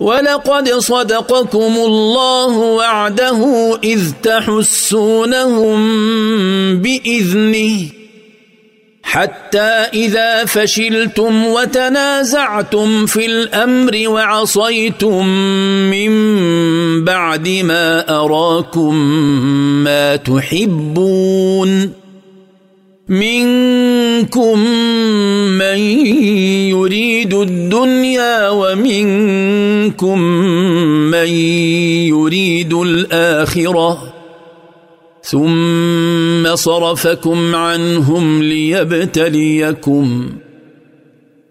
ولقد صدقكم الله وعده اذ تحسونهم باذنه حتى اذا فشلتم وتنازعتم في الامر وعصيتم من بعد ما اراكم ما تحبون من منكم من يريد الدنيا ومنكم من يريد الاخره ثم صرفكم عنهم ليبتليكم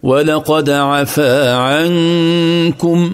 ولقد عفا عنكم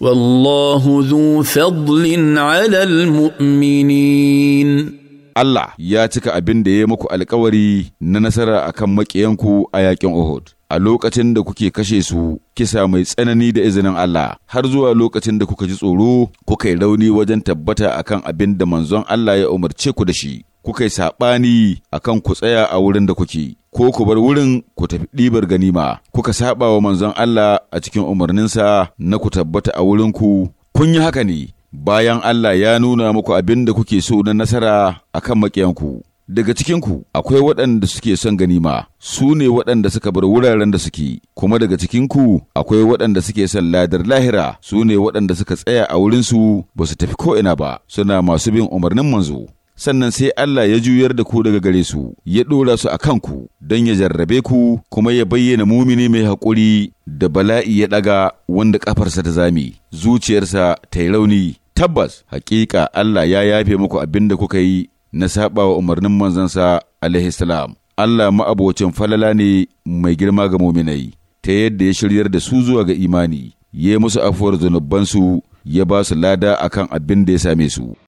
والله ذو فضل على المؤمنين Allah ya cika abin da ya muku alkawari na nasara akan maƙiyanku a yakin Uhud. A lokacin da kuke kashe su, kisa mai tsanani da izinin Allah, har zuwa lokacin da kuka ji tsoro, kuka yi rauni wajen tabbata a kan abin da manzon Allah ya umarce ku da shi, kuka yi saɓani a kan ku tsaya a wurin da kuke. ko ku bar wurin ku tafi ɗibar ganima kuka saɓa wa manzon Allah a cikin umarninsa na ku tabbata a wurinku kun yi haka ne bayan Allah ya nuna muku abin da kuke so na nasara a kan maƙiyanku. Daga cikinku akwai waɗanda suke son ganima, su ne waɗanda suka bar wuraren da suke, kuma daga cikinku akwai waɗanda suke son ladar lahira, su ne waɗanda suka tsaya a wurinsu ba su tafi ko'ina ba, suna masu bin umarnin manzo. sannan sai Allah ya juyar da ku daga gare su, ya ɗora su a kanku don ya jarrabe ku kuma ya bayyana mumini mai haƙuri da bala'i ya ɗaga wanda ƙafarsa ta zame, zuciyarsa ta yi rauni tabbas hakika Allah ya yafe muku abin da kuka yi na wa umarnin manzansa alaihi salam Allah ma'abocin falala ne mai girma ga muminai ta yadda ya shiryar da su zuwa ga imani ya musu afuwar zunubansu ya ba su lada akan abin da ya same su